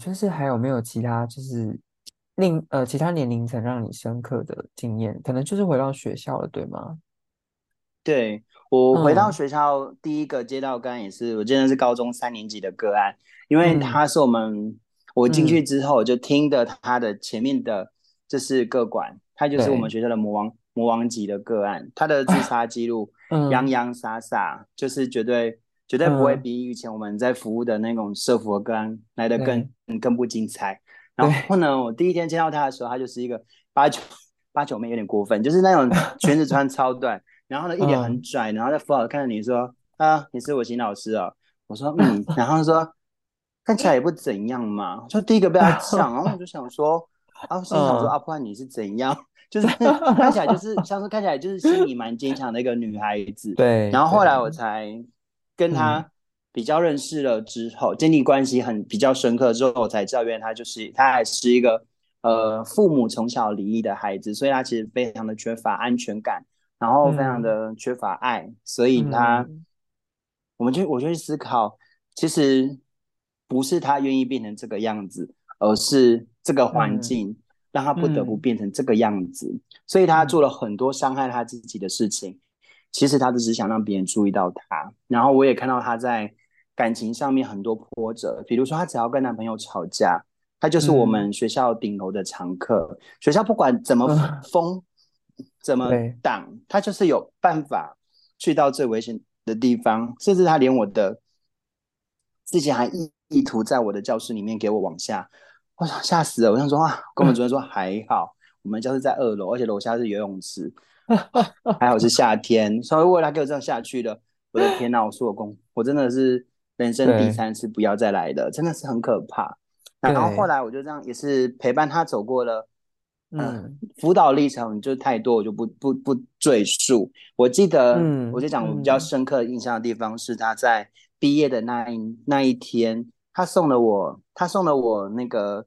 就是還有沒有其他，就是另呃其他年齡層讓你深刻的經驗？可能就是回到學校了，對嗎？對，我回到學校第一個接到個案也是，我記得是高中三年級的個案，因為他是我們、嗯、我進去之後就聽的他的前面的就是個案、嗯，他就是我們學校的魔王，魔王級的個案，他的自殺記錄、啊嗯、洋洋灑灑，就是絕對。絕對不會比以前我們在服務的那種社服的個案來得更、嗯、更不精彩。然後呢，我第一天見到他的時候，他就是一個八九八九妹，有點過分，就是那種裙子穿超短， 然後呢，一臉很拽，然後在服務看着你說、嗯：“啊，你是我新老師啊、喔？”我說：“嗯。”然後他說：“ 看起來也不怎樣嘛。”就第一個被他搶，然後我就想說：“ 啊，心 想說阿婆、啊、 你是怎樣？就是看起來就是 像是看起來就是心裡蠻堅強的一個女孩子。”對。然後後來我才。跟他比較認識了之後，嗯、建立關係很比較深刻之後，我才知道，原來他就是他還是一個呃父母從小離異的孩子，所以他其實非常的缺乏安全感，然後非常的缺乏愛，嗯、所以他，嗯、我們就我就去思考，其實不是他願意變成這個樣子，而是這個環境、嗯、讓他不得不變成這個樣子，嗯嗯、所以他做了很多傷害他自己的事情。其實他只是想讓別人注意到他，然後我也看到他在感情上面很多波折。比如說，他只要跟男朋友吵架，他就是我們學校頂樓的常客。嗯、學校不管怎麼封、嗯、怎麼擋，他就是有辦法去到最危險的地方。嗯、甚至他連我的自己還意圖在我的教室裡面給我往下，我想嚇死了。我想說啊，跟我們主任說還好，我們教室在二樓、嗯，而且樓下是游泳池。 還好是夏天，所以如果他給我這樣下去的，我的天哪，我社工，我真的是人生第三次不要再來了，真的是很可怕。然後後來我就這樣，也是陪伴他走過了，嗯，呃、輔導歷程就太多，我就不不不贅述。我記得，嗯、我就講我比較深刻印象的地方是他在畢業的那一那一天，他送了我，他送了我那個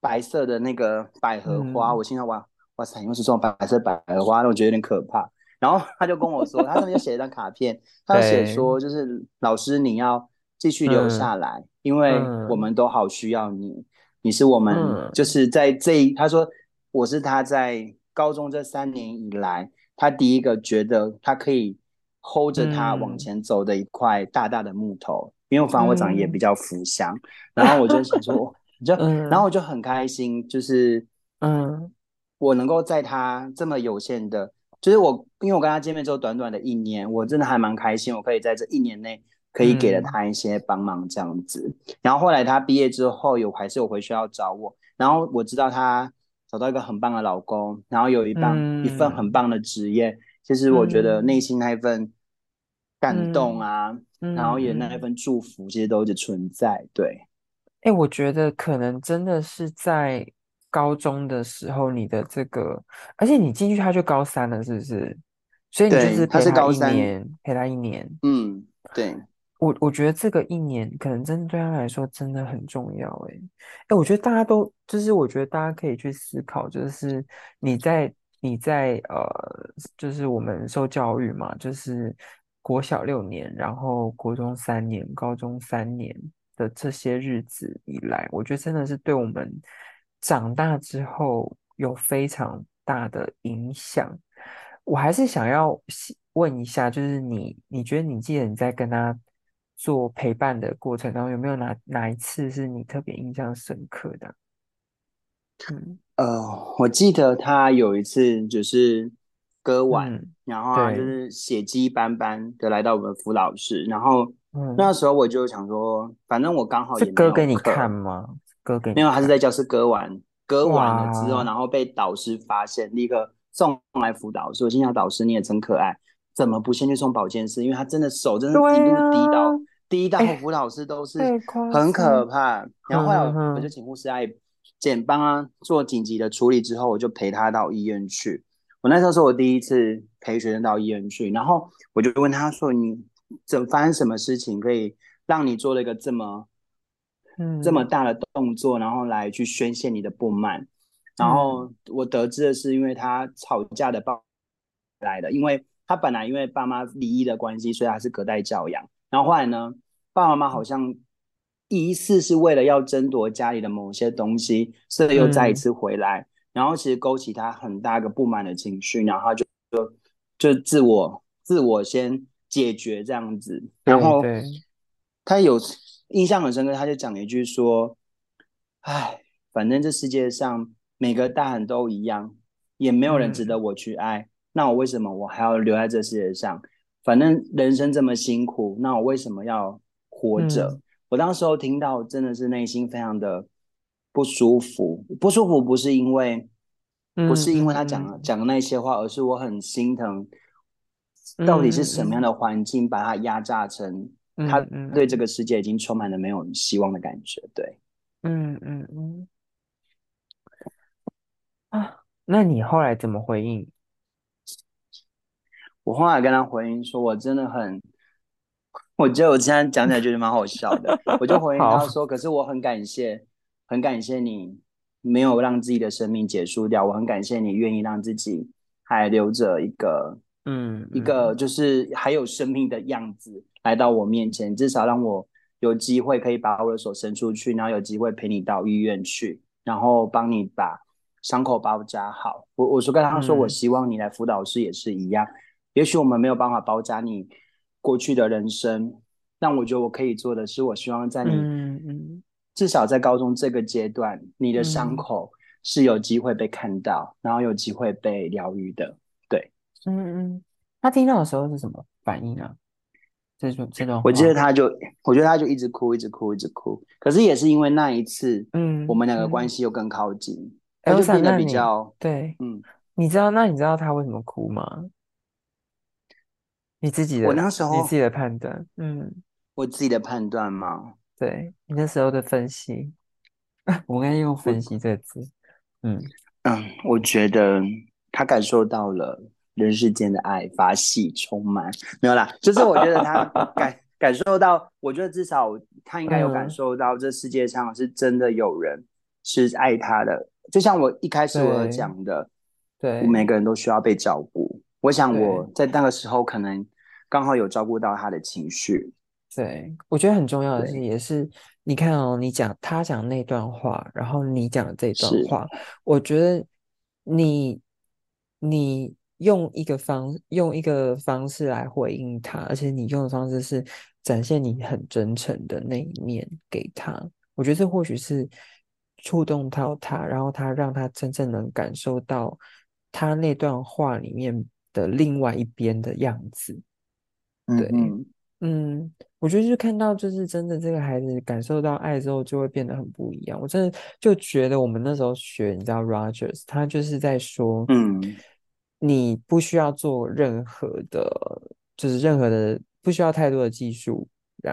白色的那個百合花，嗯、我現在哇。哇塞！因為是這種白色百合花，那我覺得有點可怕。然後他就跟我說，他上面就寫了一張卡片， 他寫說就是老師，你要繼續留下來、嗯，因為我們都好需要你，嗯、你是我們就是在這一、嗯。他說我是他在高中這三年以來，他第一個覺得他可以 hold 着他往前走的一塊大大的木頭、嗯。因為反正我長得也比較福相、嗯，然後我就想說，嗯、你就然後我就很開心，就是嗯。我能夠在他這麼有限的，就是我，因為我跟他見面之後短短的一年，我真的還蠻開心，我可以在這一年內可以給了他一些幫忙這樣子。嗯、然後後來他畢業之後有還是有回學校找我，然後我知道他找到一個很棒的老公，然後有一幫、嗯、一份很棒的職業。其、就、實、是、我覺得內心那一份感動啊，嗯嗯、然後也那一份祝福，其實都一直存在。對，哎、欸，我覺得可能真的是在。高中的時候，你的這個，而且你進去他就高三了，是不是？所以你就是陪他一年，他是高三，陪他一年。嗯，對。我我覺得這個一年，可能真的對他來說真的很重要、欸。哎、欸，我覺得大家都，就是我覺得大家可以去思考，就是你在你在呃，就是我們受教育嘛，就是國小六年，然後國中三年，高中三年的這些日子以來，我覺得真的是對我們。長大之後有非常大的影響，我還是想要問一下，就是你，你覺得你記得你在跟他做陪伴的過程，當中，有沒有哪哪一次是你特別印象深刻的？嗯呃，我記得他有一次就是割腕，嗯，然後、啊、就是血跡斑斑的來到我們輔導室，然後那時候我就想說，反正我剛好是割給你看因為還是在教室割完，割完了之後，然後被導師發現，立刻送來輔導室。所以我心想，導師你也真可愛，怎麼不先去送保健室？因為他真的手，真的，一的低，對啊，一路滴到，滴到，輔導室都是很可怕，哎。然後後來我就請護士阿姨，簡幫他做緊急的處理之後，我就陪他到醫院去。我那時候是我第一次陪學生到醫院去，然後我就問他說：“你怎麼發生什麼事情，可以讓你做了一個這麼？”這麼大的動作，嗯，然後來去宣洩你的不滿，嗯。然後我得知的是，因為他吵架的爸來的，因為他本來因為爸媽離異的關係，所以他是隔代教養。然後後來呢，爸爸媽媽好像第一次是為了要爭奪家裡的某些東西，所以又再一次回來，嗯，然後其實勾起他很大個不滿的情緒，然後他就就就自我自我先解決這樣子。然後對，他有。印象很深刻，他就講了一句說：“哎，反正這世界上每個大人都一樣，也沒有人值得我去愛、嗯。那我為什麼我還要留在這世界上？反正人生這麼辛苦，那我為什麼要活着？”嗯、我當時候聽到真的是內心非常的不舒服，不舒服不是因為、嗯、不是因為他講、嗯、講那些話，而是我很心疼，到底是什麼樣的環境把他壓榨成。他對這個世界已經充滿了沒有希望的感覺。對，嗯嗯嗯。啊，那你後來怎麼回應？我後來跟他回應說：“我真的很……我覺得我現在講起來覺得蠻好笑的。 ”我就回應他說：“可是我很感謝，很感謝你沒有讓自己的生命結束掉。我很感謝你願意讓自己還留着一個，嗯，嗯一個就是還有生命的樣子。”來到我面前，至少讓我有機會可以把我的手伸出去，然後有機會陪你到醫院去，然後幫你把傷口包紮好。我我說跟他說、嗯，我希望你來輔導師也是一樣。也許我們沒有辦法包紮你過去的人生，但我覺得我可以做的是，我希望在你、嗯嗯、至少在高中這個階段，你的傷口是有機會被看到，嗯、然後有機會被療癒的。對，嗯嗯。他聽到的時候是什麼反應啊？這種，這種，我記得他就，我覺得他就一直哭，一直哭，一直哭。可是也是因為那一次，嗯，我們兩個關係又更靠近，嗯嗯、他就變得比較……對、欸，嗯對，你知道，那你知道他為什麼哭嗎？你自己的，我那時候你自己的判斷，嗯，我自己的判斷嗎？對，你那時候的分析， 我剛才用“分析這次”這個字，嗯嗯，我覺得他感受到了。人世間的愛，發洩，充滿，沒有啦，就是我覺得他感 感受到，我覺得至少他應該有感受到，這世界上是真的有人是愛他的。嗯、就像我一開始我講的，對，我每個人都需要被照顧。我想我在那個時候可能剛好有照顧到他的情緒。對，我覺得很重要的是，也是你看哦，你講他講那段話，然後你講的這段話，我覺得你你。用一個方用一個方式來回應他，而且你用的方式是展現你很真誠的那一面給他。我覺得這或許是觸動到他，然後他讓他真正能感受到他那段話裡面的另外一邊的樣子。嗯、對，嗯，我覺得就看到就是真的，這個孩子感受到愛之後就會變得很不一樣。我真的就覺得我們那時候學，你知道，Rogers，他就是在說，嗯。你不需要做任何的，就是任何的，不需要太多的技術，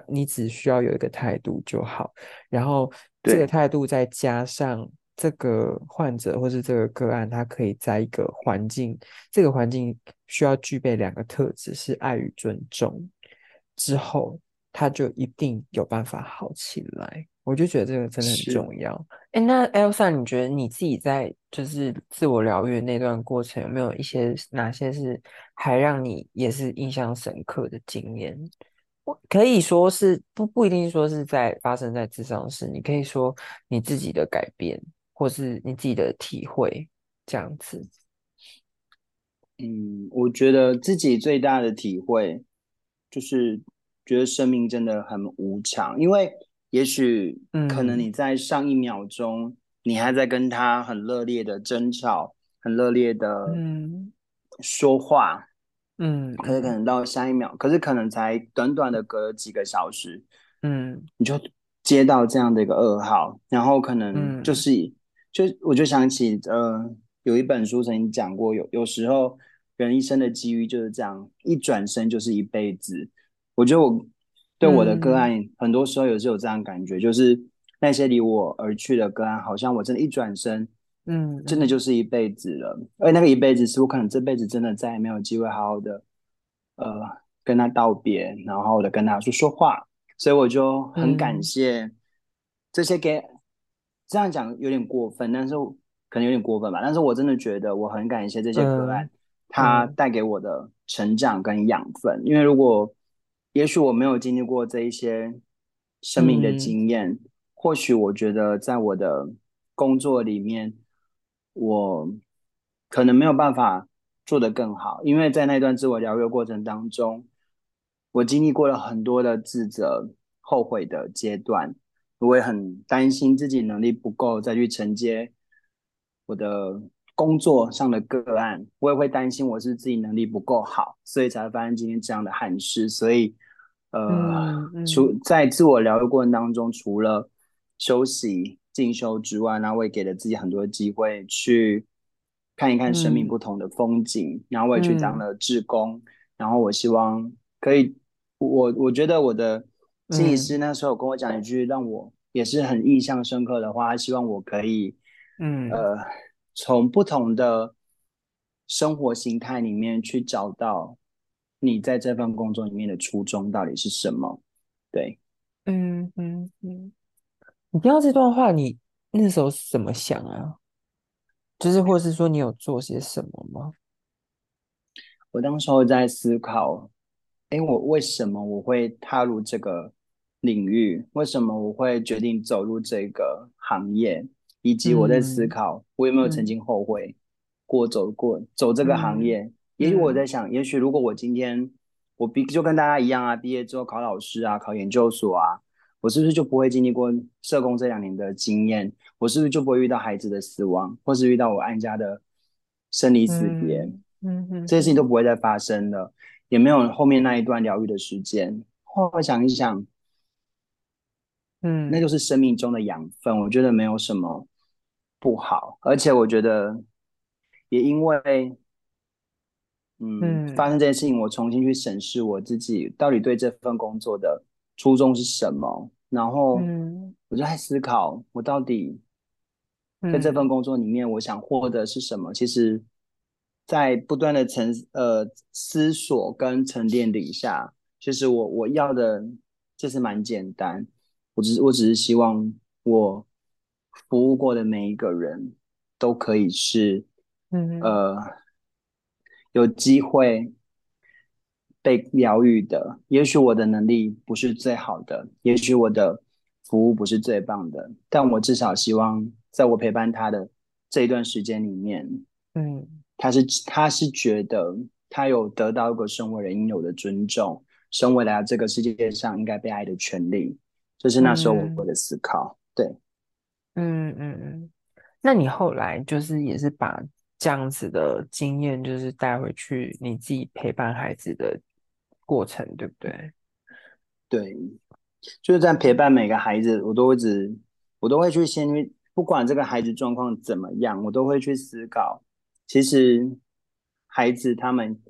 你只需要有一個態度就好。然後這個態度再加上這個患者或是這個個案，他可以在一個環境，這個環境需要具備兩個特質，是愛與尊重，之後他就一定有辦法好起來。我就覺得這個真的很重要。哎，那 Elsa，你覺得你自己在就是自我療癒的那段過程，有沒有一些哪些是還讓你也是印象深刻的經驗？我可以說是不不一定說是在發生在諮商室，你可以說你自己的改變，或是你自己的體會這樣子。嗯，我覺得自己最大的體會就是覺得生命真的很無常，因為。也許可能你在上一秒鐘、嗯，你還在跟他很熱烈的爭吵，很熱烈的說話，嗯，嗯，可是可能到下一秒，可是可能才短短的隔了幾個小時，嗯，你就接到這樣的一個噩耗，然後可能就是、嗯、就我就想起，呃，有一本書曾經講過，有有時候人一生的機遇就是這樣，一轉身就是一輩子。我覺得我。對我的個案，很多時候也是有這樣感覺，嗯、就是那些離我而去的個案，好像我真的一轉身，嗯，真的就是一輩子了。嗯、而那個一輩子是我可能這輩子真的再也沒有機會好好的，呃，跟他道別，然後的跟他說說話。所以我就很感謝這些給，這樣講有點過分，但是我可能有點過分吧。但是我真的覺得我很感謝這些個案，嗯、它帶給我的成長跟養分，因為如果。也許我沒有經歷過這一些生命的經驗，嗯，或許我覺得在我的工作裡面，我可能沒有辦法做得更好，因為在那段自我療癒過程當中，我經歷過了很多的自責、後悔的階段，我也很擔心自己能力不夠再去承接我的。工作上的個案，我也會擔心我是自己能力不夠好，所以才會發生今天這樣的憾事。所以，呃，嗯嗯、除在自我療癒過程當中，除了休息進修之外，然後，我也給了自己很多機會去看一看生命不同的風景。嗯、然後我也去當了志工、嗯。然後我希望可以，我我覺得我的心理師那時候跟我講一句、嗯、讓我也是很印象深刻的話，希望我可以，嗯呃。從不同的生活形態裡面去找到你在這份工作裡面的初衷到底是什麼？對，嗯嗯嗯，你聽到這段話，你那時候是怎麼想啊？就是，或是說你有做些什麼嗎？我當時候在思考，哎，我為什麼我會踏入這個領域？為什麼我會決定走入這個行業？以及我在思考，我有沒有曾經後悔過走過走這個行業？也許我在想，也許如果我今天我畢就跟大家一樣啊，畢業之後考老師啊，考研究所啊，我是不是就不會經歷過社工這兩年的經驗？我是不是就不會遇到孩子的死亡，或是遇到我案家的生離死別？嗯，這些事情都不會再發生了，也沒有後面那一段療癒的時間。我會想一想，嗯，那就是生命中的養分，我覺得沒有什麼。不好，而且我覺得也因為嗯，嗯，發生這件事情，我重新去審視我自己，到底對這份工作的初衷是什麼？然後，我就在思考，我到底在這份工作裡面，我想獲得是什麼？嗯、其實，在不斷的沉呃思索跟沉澱底下，其實我我要的其實蠻簡單，我只是我只是希望我。服務過的每一個人都可以是，嗯、mm -hmm. 呃，有機會被療癒的。也許我的能力不是最好的，也許我的服務不是最棒的，但我至少希望，在我陪伴他的這一段時間裡面，嗯、mm -hmm.，他是他是覺得他有得到一個身為人應有的尊重，身為來到這個世界上應該被愛的權利，就是那時候我的思考，mm -hmm. 對。嗯嗯嗯，那你後來就是也是把這樣子的經驗，就是帶回去你自己陪伴孩子的過程，對不對？對，就是在陪伴每個孩子，我都會只，我都會去先去，不管這個孩子狀況怎麼樣，我都會去思考。其實孩子他們、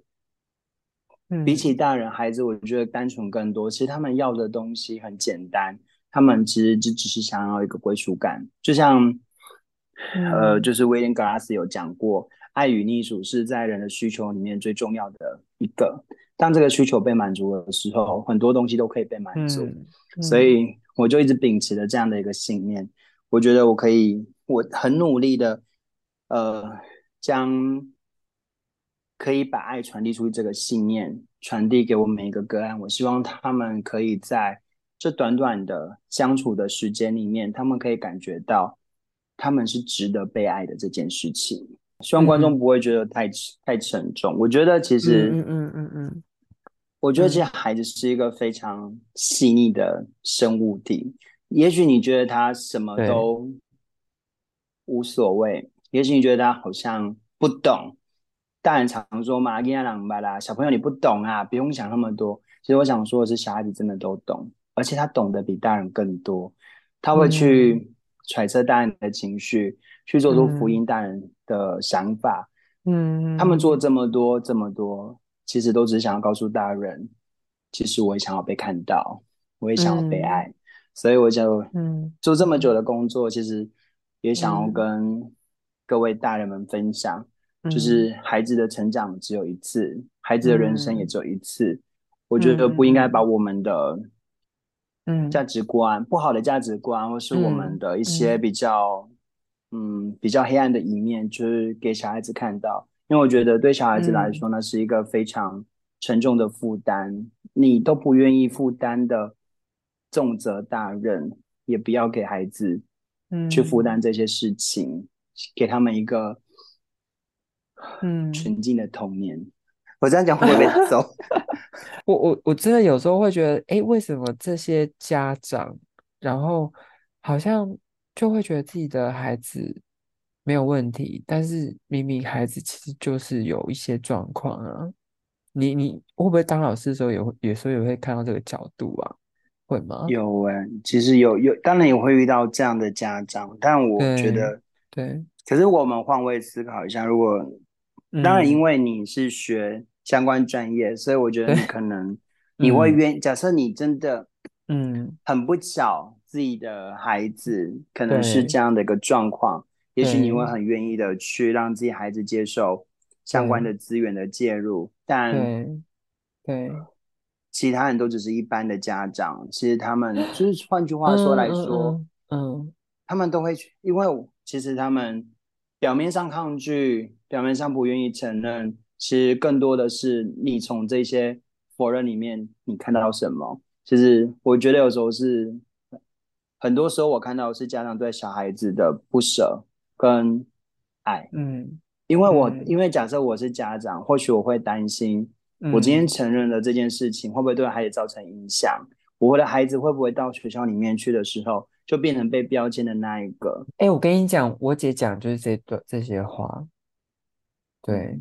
嗯、比起大人，孩子我覺得單純更多。其實他們要的東西很簡單。他們其實就只是想要一個歸屬感，就像，嗯、呃，就是威廉·格拉斯有講過，愛與隸屬是在人的需求裡面最重要的一個。當這個需求被滿足的時候，很多東西都可以被滿足、嗯。所以我就一直秉持着這樣的一個信念、嗯，我覺得我可以，我很努力的，呃，將可以把愛傳遞出這個信念傳遞給我每一個個案，我希望他們可以在。這短短的相處的時間裡面，他們可以感覺到他們是值得被愛的這件事情。希望觀眾不會覺得太、嗯、太沉重。我覺得其實，嗯嗯嗯嗯，我覺得這孩子是一個非常細膩的生物體。嗯、也許你覺得他什麼都無所謂，也許你覺得他好像不懂。大人常常說嘛，跟他講白啦，小朋友你不懂啊，不用想那麼多。其實我想說的是，小孩子真的都懂。而且他懂得比大人更多，他會去揣測大人的情緒，嗯、去做出回應大人的想法。嗯，嗯他們做這麼多這麼多，其實都只想要告訴大人，其實我也想要被看到，我也想要被愛。嗯、所以我就嗯做這麼久的工作、嗯，其實也想要跟各位大人們分享、嗯，就是孩子的成長只有一次，孩子的人生也只有一次。嗯、我覺得不應該把我們的嗯，價值觀，不好的價值觀，或是我們的一些比較嗯嗯，嗯，比較黑暗的一面，就是給小孩子看到，因為我覺得對小孩子來說呢，那、嗯、是一個非常沉重的負擔。你都不願意負擔的重責大任，也不要給孩子，嗯，去負擔這些事情、嗯，給他們一個，嗯，純淨的童年。我這樣講會被揍。 我我我真的有時候會覺得，哎，為什麼這些家長，然後好像就會覺得自己的孩子沒有問題，但是明明孩子其實就是有一些狀況啊。你你會不會當老師的時候，有有時候也會看到這個角度啊？會嗎？有誒，其實有有，當然也會遇到這樣的家長，但我覺得，對，對。可是我們換位思考一下，如果當然因為你是學。嗯相關專業，所以我覺得你可能你會願、嗯，假設你真的，嗯，很不巧自己的孩子可能是這樣的一個狀況，也許你會很願意的去讓自己孩子接受相關的資源的介入，對，但對其他人都只是一般的家長，其實他們就是換句話說來說嗯嗯嗯，嗯，他們都會去，因為其實他們表面上抗拒，表面上不願意承認。其實更多的是你從這些否認裡面，你看到什麼？其實我覺得有時候是，很多時候我看到的是家長對小孩子的不捨跟愛。嗯，因為我、嗯、因為假設我是家長，或許我會擔心，我今天承認了這件事情，會不會對孩子造成影響？我的孩子會不會到學校裡面去的時候，就變成被標籤的那一個？哎、欸，我跟你講，我姐講就是這段這些話，對。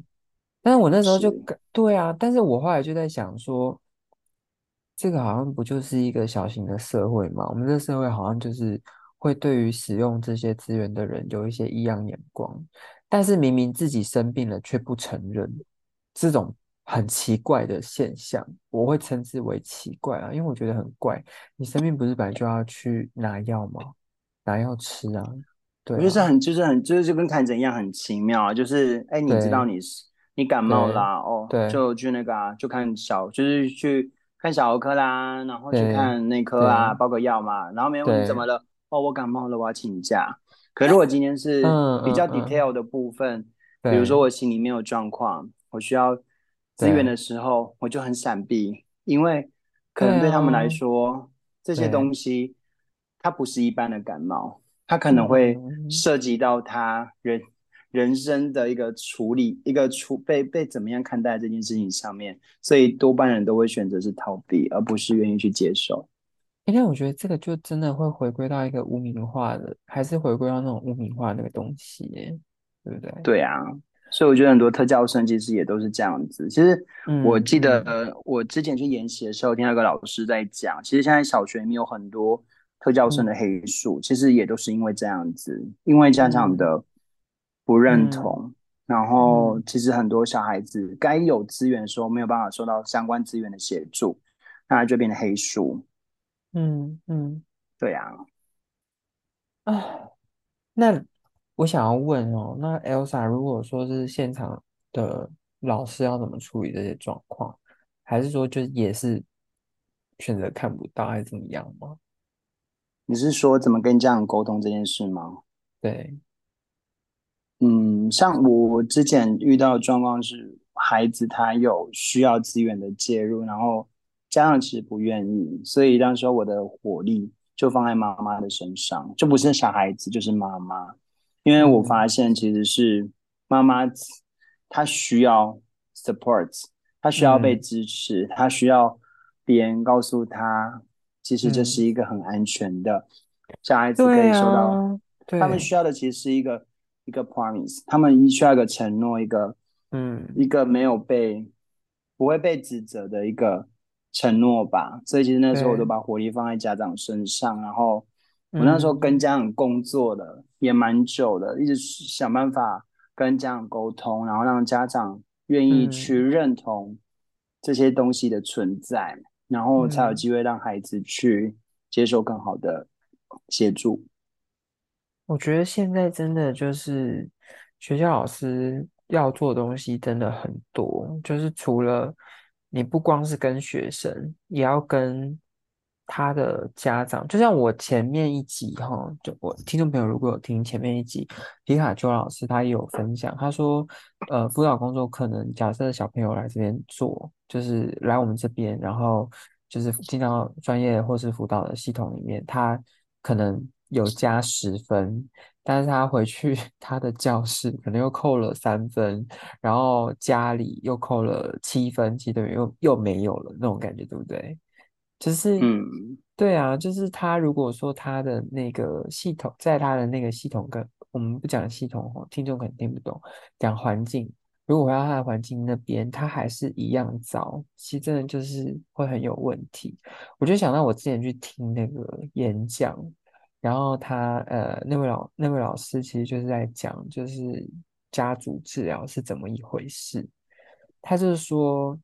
但我那時候就對啊，但是我後來就在想說，這個好像不就是一個小型的社會嘛，我們這社會好像就是會對於使用這些資源的人有一些異樣眼光，但是明明自己生病了卻不承認，這種很奇怪的現象，我會稱之為奇怪啊，因為我覺得很怪。你生病不是本來就要去拿藥嗎？拿藥吃啊？對啊，就是很就是很就是就跟看診一樣，很奇妙啊。就是哎、欸，你知道你是。你感冒啦？對，哦，就去那個啊，就看小，就是去看小兒科啦，然後去看內科啊，啊包個藥嘛，然後沒有問題什麼的。哦，我感冒了，我要請假。可是我今天是比較 detail 的部分，嗯嗯嗯比如說，我心裡面有狀況，我需要資源的時候，我就很閃避、啊，因為可能對他們來說，啊、這些東西它不是一般的感冒，它可能會涉及到他人。人生的一個處理，一個處被被怎麼樣看待這件事情上面，所以多半人都會選擇是逃避，而不是願意去接受。因為我覺得這個就真的會回歸到一個污名化的，還是回歸到那種污名化的那個東西，對不對？對啊，所以我覺得很多特教生其實也都是這樣子。其實我記得、嗯、我之前去研習的時候，聽到一個老師在講，其實現在小學裡面有很多特教生的黑數、嗯，其實也都是因為這樣子，因為家長的、嗯。不認同、嗯，然後其實很多小孩子該有資源的時候沒有辦法受到相關資源的協助，那他就變成黑數。嗯嗯，對呀。啊啊。那我想要問哦，那 Elsa 如果說是現場的老師要怎麼處理這些狀況，還是說就也是選擇看不到還是怎麼樣嗎？你是說怎麼跟家長溝通這件事嗎？對。嗯，像我之前遇到的狀況是，孩子他有需要資源的介入，然後家長其實不願意，所以當時候我的火力就放在媽媽的身上，就不是小孩子就是媽媽，因為我發現其實是媽媽，嗯、她需要 support，她需要被支持、嗯，她需要別人告訴她，其實這是一個很安全的，嗯、小孩子可以收到，他、啊、們需要的其實是一個。一個 promise，他們需要一個承諾，一個嗯，一個沒有被不會被指責的一個承諾吧。所以其實那時候我都把火力放在家長身上，然後我那時候跟家長工作了、嗯、也蠻久的，一直想辦法跟家長溝通，然後讓家長願意去認同這些東西的存在，嗯、然後才有機會讓孩子去接受更好的協助。我覺得現在真的就是學校老師要做的東西真的很多，就是除了你不光是跟學生，也要跟他的家長。就像我前面一集哈，就我聽眾朋友如果有聽前面一集，皮卡丘老師他也有分享，他說，呃，輔導工作可能假設小朋友來這邊做，就是來我們這邊，然後就是進到專業或是輔導的系統裡面，他可能。有加十分，但是他回去他的教室可能又扣了三分，然後家裡又扣了七分，其實等於又又沒有了那種感覺，對不對？就是、嗯，對啊，就是他如果說他的那個系統，在他的那個系統跟我們不講系統，聽眾可能聽不懂，講環境，如果回到他的環境那邊，他還是一樣糟，其實真的就是會很有問題。我就想到我之前去聽那個演講。然後他呃，那位老，那位老師其實就是在講，就是家族治療是怎麼一回事。他就是說，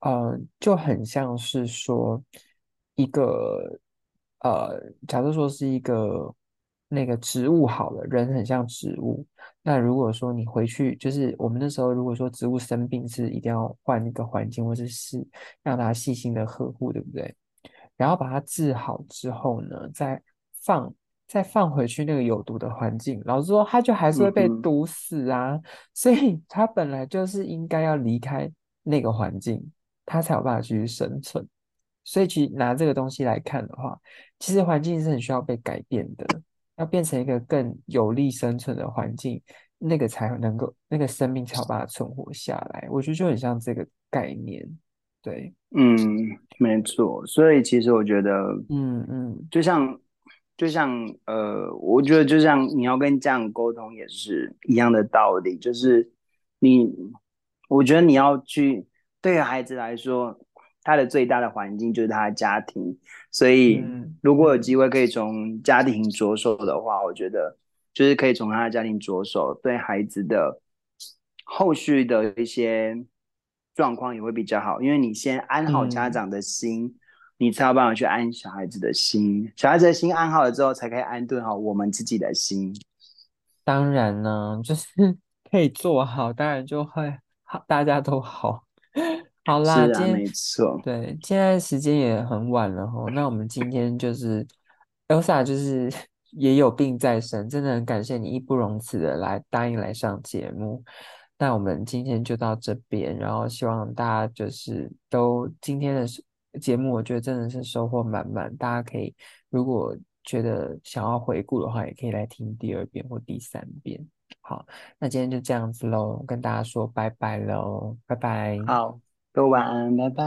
呃，就很像是說一個呃，假設說是一個那個植物好了，人很像植物。那如果說你回去，就是我們那時候如果說植物生病，是一定要換一個環境，或者是讓它細心的呵護，對不對？然後把它治好之後呢，再放再放回去那個有毒的環境，老實說，它就還是會被毒死啊、嗯。所以他本來就是應該要離開那個環境，他才有辦法繼續生存。所以，其實拿這個東西來看的話，其實環境是很需要被改變的，要變成一個更有利生存的環境，那個才能夠，那個生命才有辦法存活下來。我覺得就很像這個概念。對，嗯，沒錯。所以其實我覺得，嗯嗯，就像。就像呃，我覺得就像你要跟家長溝通也是一樣的道理，就是你，我覺得你要去，對孩子來說，他的最大的環境就是他的家庭，所以如果有機會可以從家庭着手的話，嗯、我覺得就是可以從他的家庭着手，對孩子的後續的一些狀況也會比較好，因為你先安好家長的心。嗯你才有辦法去安小孩子的心，小孩子的心安好了之後，才可以安頓好我們自己的心。當然呢，就是可以做好，當然就會好，大家都好。好啦，是啊、今天沒錯，對，現在時間也很晚了哈，那我們今天就是，Elsa 就是也有病在身，真的很感謝你義不容辭的來答應來上節目。那我們今天就到這邊，然後希望大家就是都今天的。節目我覺得真的是收穫滿滿，大家可以如果覺得想要回顧的話，也可以來聽第二遍或第三遍。好，那今天就這樣子嘍，跟大家說拜拜嘍，拜拜。好，都晚安，拜拜。